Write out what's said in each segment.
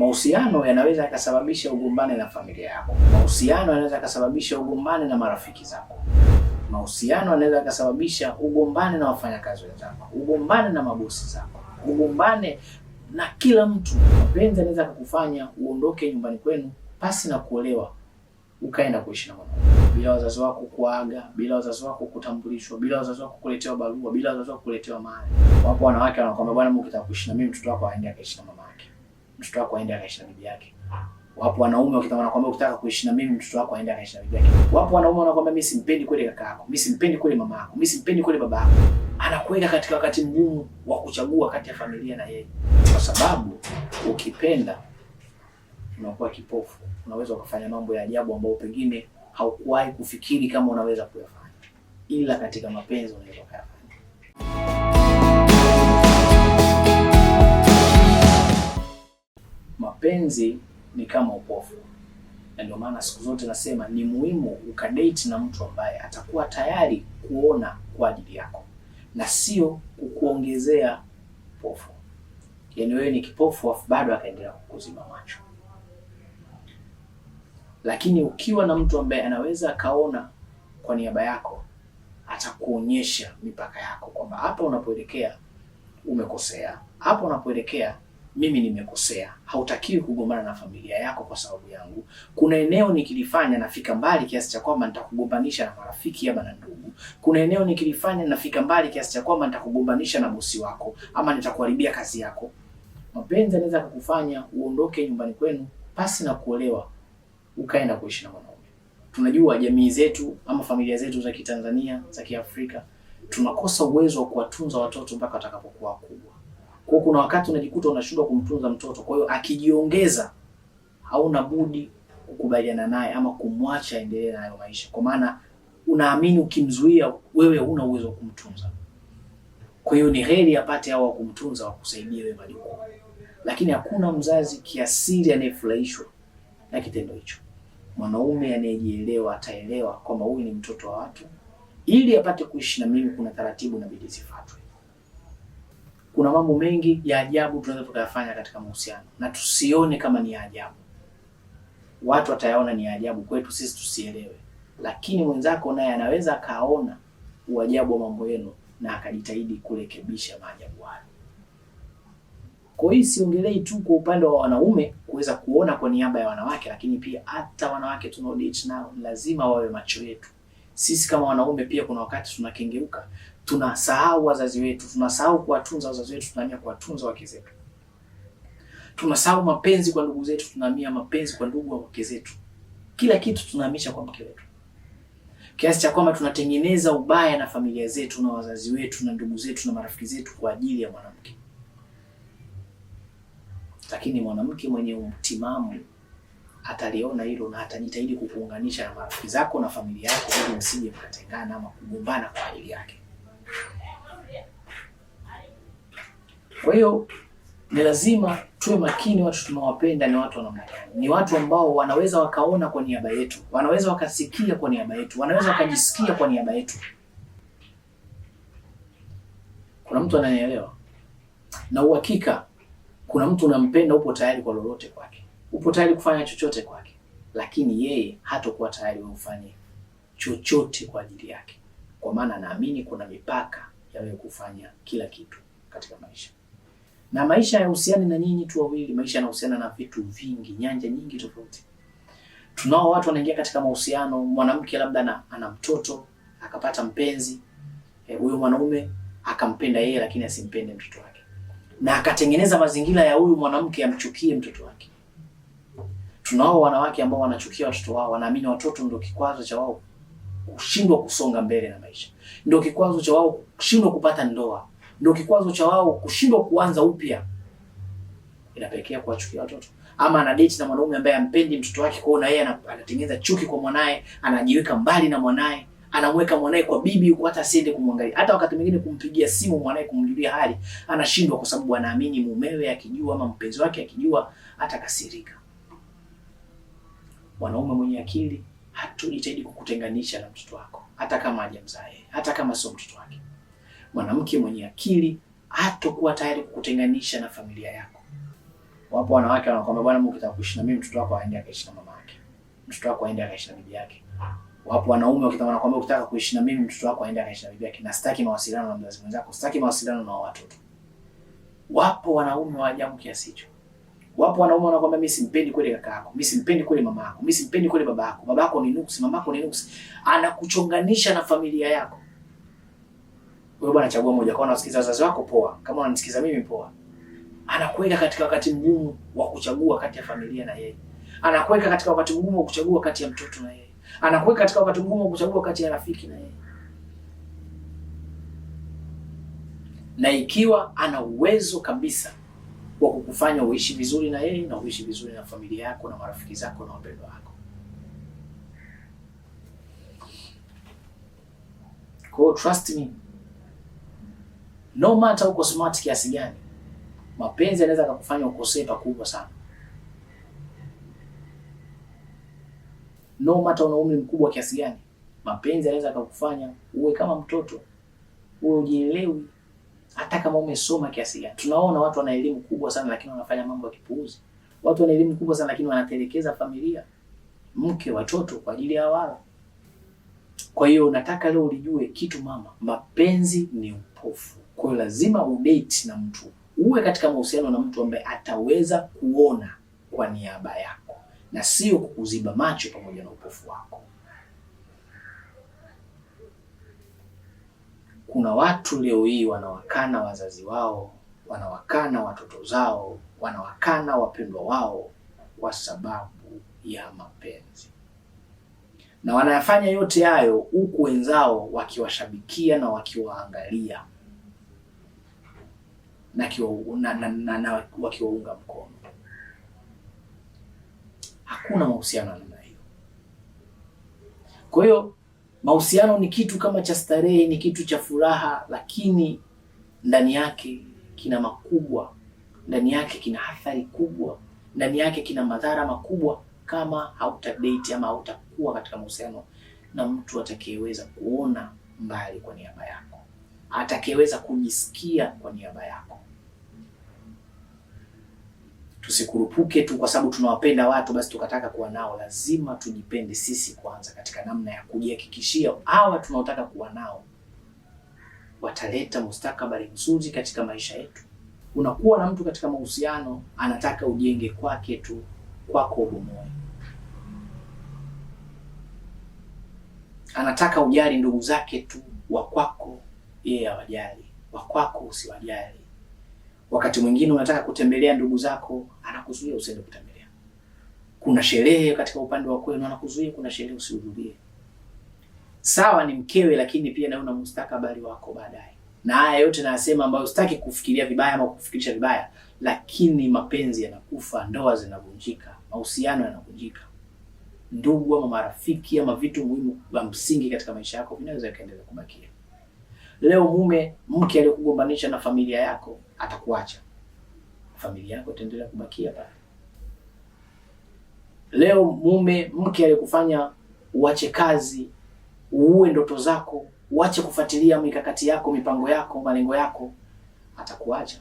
Mahusiano yanaweza yakasababisha ugombane na familia yako. Mahusiano yanaweza yakasababisha ugombane na marafiki zako. Mahusiano yanaweza yakasababisha ugombane na wafanyakazi wenzako, ugombane na mabosi zako, ugombane na kila mtu. Mapenzi yanaweza kukufanya uondoke nyumbani kwenu pasi na kuolewa, ukaenda kuishi na mwanaume bila wazazi wako kuaga, bila wazazi wako kutambulishwa, bila wazazi wako kuletewa barua, bila wazazi wako kuletewa mali. Wapo wanawake wanakwambia, bwana, mimi ukitaka kuishi na mimi mtoto wako aende akaishi na mama yake mtoto wako aende akaishi na bibi yake. Wapo wanaume wakitamani kwamba ukitaka kuishi na mimi mtoto wako aende akaishi na bibi yake. Wapo wanaume wanakwambia mimi simpendi kweli kaka yako, mimi simpendi kweli mama yako, mimi simpendi kweli baba yako. Anakuweka katika wakati mgumu wa kuchagua kati ya familia na yeye, kwa sababu ukipenda unakuwa kipofu, unaweza ukafanya mambo ya ajabu ambayo pengine haukuwahi kufikiri kama unaweza kuyafanya, ila katika mapenzi unaweza kuyafanya. mapenzi ni kama upofu, na ndio maana siku zote nasema ni muhimu ukadate na mtu ambaye atakuwa tayari kuona kwa ajili yako na sio kukuongezea upofu, yaani wewe ni kipofu afu bado akaendelea kukuzima macho. Lakini ukiwa na mtu ambaye anaweza akaona kwa niaba yako, atakuonyesha mipaka yako kwamba hapa unapoelekea umekosea, hapa unapoelekea mimi nimekosea. Hautakiwi kugombana na familia yako kwa sababu yangu. Kuna eneo nikilifanya nafika mbali kiasi cha kwamba nitakugombanisha na marafiki ama na ndugu. Kuna eneo nikilifanya nafika mbali kiasi cha kwamba nitakugombanisha na bosi wako ama nitakuharibia kazi yako. Mapenzi yanaweza kukufanya uondoke nyumbani kwenu pasi na kuolewa, ukaenda kuishi na mwanaume. Tunajua jamii zetu ama familia zetu za Kitanzania za Kiafrika tunakosa uwezo wa kuwatunza watoto mpaka watakapokuwa wakubwa. Kwa kuna wakati unajikuta unashindwa kumtunza mtoto, kwa hiyo akijiongeza, hauna budi kukubaliana naye ama kumwacha aendelee nayo maisha, kwa maana unaamini ukimzuia, wewe huna uwezo wa kumtunza. Kwa hiyo ni heri apate hao wa kumtunza, kusaidia wewe majukumu, lakini hakuna mzazi kiasili anayefurahishwa na kitendo hicho. Mwanaume anayejielewa ataelewa kwamba huyu ni mtoto wa watu, ili apate kuishi na mimi kuna taratibu na bidii zifuatwe kuna mambo mengi ya ajabu tunaweza tukayafanya katika mahusiano, na tusione kama ni ajabu. Watu watayaona ni ajabu kwetu sisi, tusielewe, lakini mwenzako naye anaweza akaona uajabu wa mambo yenu na akajitahidi kurekebisha maajabu hayo. Kwa hiyo siongelei tu kwa upande wa wanaume kuweza kuona kwa niaba ya wanawake, lakini pia hata wanawake tunao nao lazima wawe macho yetu sisi kama wanaume pia kuna wakati tunakengeuka, tunasahau wazazi wetu, tunasahau kuwatunza wazazi wetu, tunaamia kuwatunza wake zetu, tunasahau mapenzi kwa ndugu zetu, tunaamia mapenzi kwa ndugu wa wake zetu, kila kitu tunahamisha kwa mke wetu, kiasi cha kwamba tunatengeneza ubaya na familia zetu na wazazi wetu na ndugu zetu na marafiki zetu kwa ajili ya mwanamke. Lakini mwanamke mwenye utimamu ataliona hilo na atajitahidi kukuunganisha na marafiki zako na familia yako ili msije mkatengana ama kugombana kwa ajili yake. Kwa hiyo ni lazima tuwe makini, watu tunawapenda ni watu wa namna gani? Ni watu ambao wanaweza wakaona kwa niaba yetu, wanaweza wakasikia kwa niaba yetu, wanaweza wakajisikia kwa niaba yetu. Kuna mtu ananielewa? Na uhakika kuna mtu unampenda, upo tayari kwa lolote kwake upo tayari kufanya chochote kwake, lakini yeye hatakuwa tayari ufanye chochote kwa ajili yake, kwa maana naamini kuna mipaka ya wewe kufanya kila kitu katika maisha. Na maisha yanahusiana na nyinyi tu wawili, maisha yanahusiana na vitu vingi, nyanja nyingi tofauti. Tunao watu wanaingia katika mahusiano, mwanamke labda na, ana mtoto akapata mpenzi eh, huyo, e, mwanaume akampenda yeye, lakini asimpende mtoto wake, na akatengeneza mazingira ya huyu mwanamke amchukie mtoto wake tunao wanawake ambao wanachukia watoto wao, wanaamini watoto ndio kikwazo cha wao kushindwa kusonga mbele na maisha, ndio kikwazo cha wao kushindwa kupata ndoa, ndio kikwazo cha wao kushindwa kuanza upya. Inapelekea kuwachukia watoto, ama ana date na mwanaume ambaye ampendi mtoto wake, kwao na yeye anatengeneza chuki kwa mwanae, anajiweka mbali na mwanae, anamweka mwanae kwa bibi huko, hata asiende kumwangalia, hata wakati mwingine kumpigia simu mwanae kumjulia hali, anashindwa kwa sababu anaamini mumewe akijua ama mpenzi wake akijua atakasirika mwanaume mwenye akili hatujitahidi kukutenganisha na mtoto wako, hata kama hajamzaa yeye, hata kama sio mtoto wake. Mwanamke mwenye akili hatokuwa tayari kukutenganisha na familia yako. Wapo wanawake wanakwambia, bwana, ukitaka kuishi na mimi, mtoto wako aende akaishi na mama yake, mtoto wako aende akaishi na bibi yake. Wapo wanaume kwamba ukitaka kuishi na mimi, mtoto wako aende akaishi na bibi yake, na sitaki mawasiliano na mzazi mwenzako, sitaki mawasiliano na watoto. Wapo wanaume wa ajabu kiasi hicho. Wapo wanaume wanakuambia mimi simpendi kweli kaka yako, mimi simpendi kweli mama yako, mimi simpendi kweli baba yako, baba yako ni nuksi, mama yako ni nuksi, anakuchonganisha na familia yako. Wewe bwana, chagua moja. Kama unasikiza wazazi wako poa, kama unanisikiza mimi poa. Anakuweka katika wakati mgumu wa kuchagua kati ya familia na yeye, anakuweka katika wakati mgumu wa kuchagua kati ya mtoto na yeye, anakuweka katika wakati mgumu wa kuchagua kati ya rafiki na yeye. Na ikiwa ana uwezo kabisa wa kukufanya uishi vizuri na yeye na uishi vizuri na familia yako na marafiki zako na wapendwa wako. Kwa hiyo trust me, no matter uko smart kiasi gani, mapenzi yanaweza kukufanya ukosee pakubwa sana. No matter una umri mkubwa kiasi gani, mapenzi yanaweza kukufanya uwe kama mtoto, uwe ujielewi hata kama umesoma kiasi gani. Tunaona watu wana elimu kubwa sana lakini wanafanya mambo ya kipuuzi. Watu wana elimu kubwa sana lakini wanatelekeza familia, mke, watoto kwa ajili ya wao. Kwa hiyo nataka leo ulijue kitu mama, mapenzi ni upofu. Kwa hiyo lazima udate na mtu, uwe katika mahusiano na mtu ambaye ataweza kuona kwa niaba yako na sio kukuziba macho pamoja na upofu wako. Kuna watu leo hii wanawakana wazazi wao, wanawakana watoto zao, wanawakana wapendwa wao kwa sababu ya mapenzi, na wanayafanya yote hayo huku wenzao wakiwashabikia na wakiwaangalia na, na, na, na, na wakiwaunga mkono. Hakuna mahusiano namna hiyo, kwa hiyo Mahusiano ni kitu kama cha starehe, ni kitu cha furaha, lakini ndani yake kina makubwa, ndani yake kina athari kubwa, ndani yake kina madhara makubwa kama hautadate ama hautakuwa katika mahusiano na mtu atakayeweza kuona mbali kwa niaba yako, atakayeweza kujisikia kwa niaba yako. Tusikurupuke tu kwa sababu tunawapenda watu basi tukataka kuwa nao. Lazima tujipende sisi kwanza, katika namna ya kujihakikishia hawa tunaotaka kuwa nao wataleta mustakabali mzuri katika maisha yetu. Unakuwa na mtu katika mahusiano anataka ujenge kwake tu, kwako ubomoe. Anataka ujali ndugu zake tu, wa kwako yeye hawajali, wa kwako usiwajali. Wakati mwingine unataka kutembelea ndugu zako, anakuzuia usiende kutembelea. Kuna sherehe katika upande wa kwenu, anakuzuia kuna sherehe usihudhurie. Sawa, ni mkewe, lakini pia naona mustakabali wako baadaye. Na haya yote nayasema ambayo sitaki kufikiria vibaya ama kufikirisha vibaya, lakini mapenzi yanakufa, ndoa zinavunjika, mahusiano yanavunjika, ndugu ama marafiki ama vitu muhimu vya msingi katika maisha yako vinaweza kaendelea kubakia. Leo mume mke aliyokugombanisha na familia yako atakuacha, familia yako itaendelea kubakia pale. Leo mume mke aliyokufanya uache kazi, uue ndoto zako, uache kufuatilia mikakati yako, mipango yako, malengo yako, atakuacha.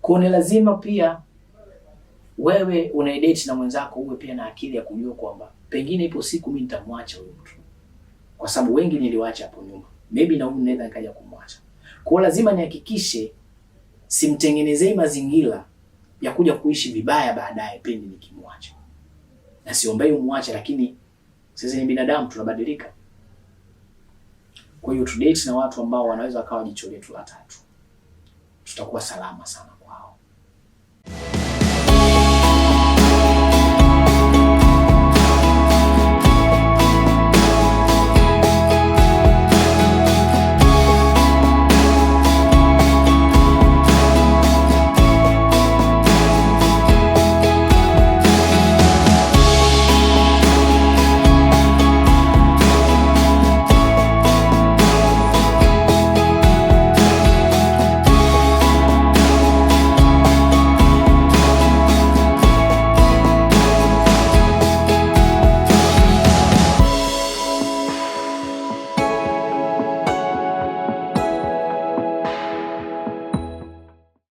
Kwa ni lazima pia wewe unaidate na mwenzako uwe pia na akili ya kujua kwamba pengine ipo siku mimi nitamwacha huyu mtu kwa sababu wengi niliwaacha hapo nyuma, maybe na huyu naweza nikaja kumwacha. Kwa hiyo lazima nihakikishe simtengenezei mazingira ya kuja kuishi vibaya baadaye pindi nikimwacha, na siombei umwache, lakini sisi ni binadamu, tunabadilika. Kwa hiyo tudate na watu ambao wanaweza wakawa jicho letu la tatu, tutakuwa salama sana.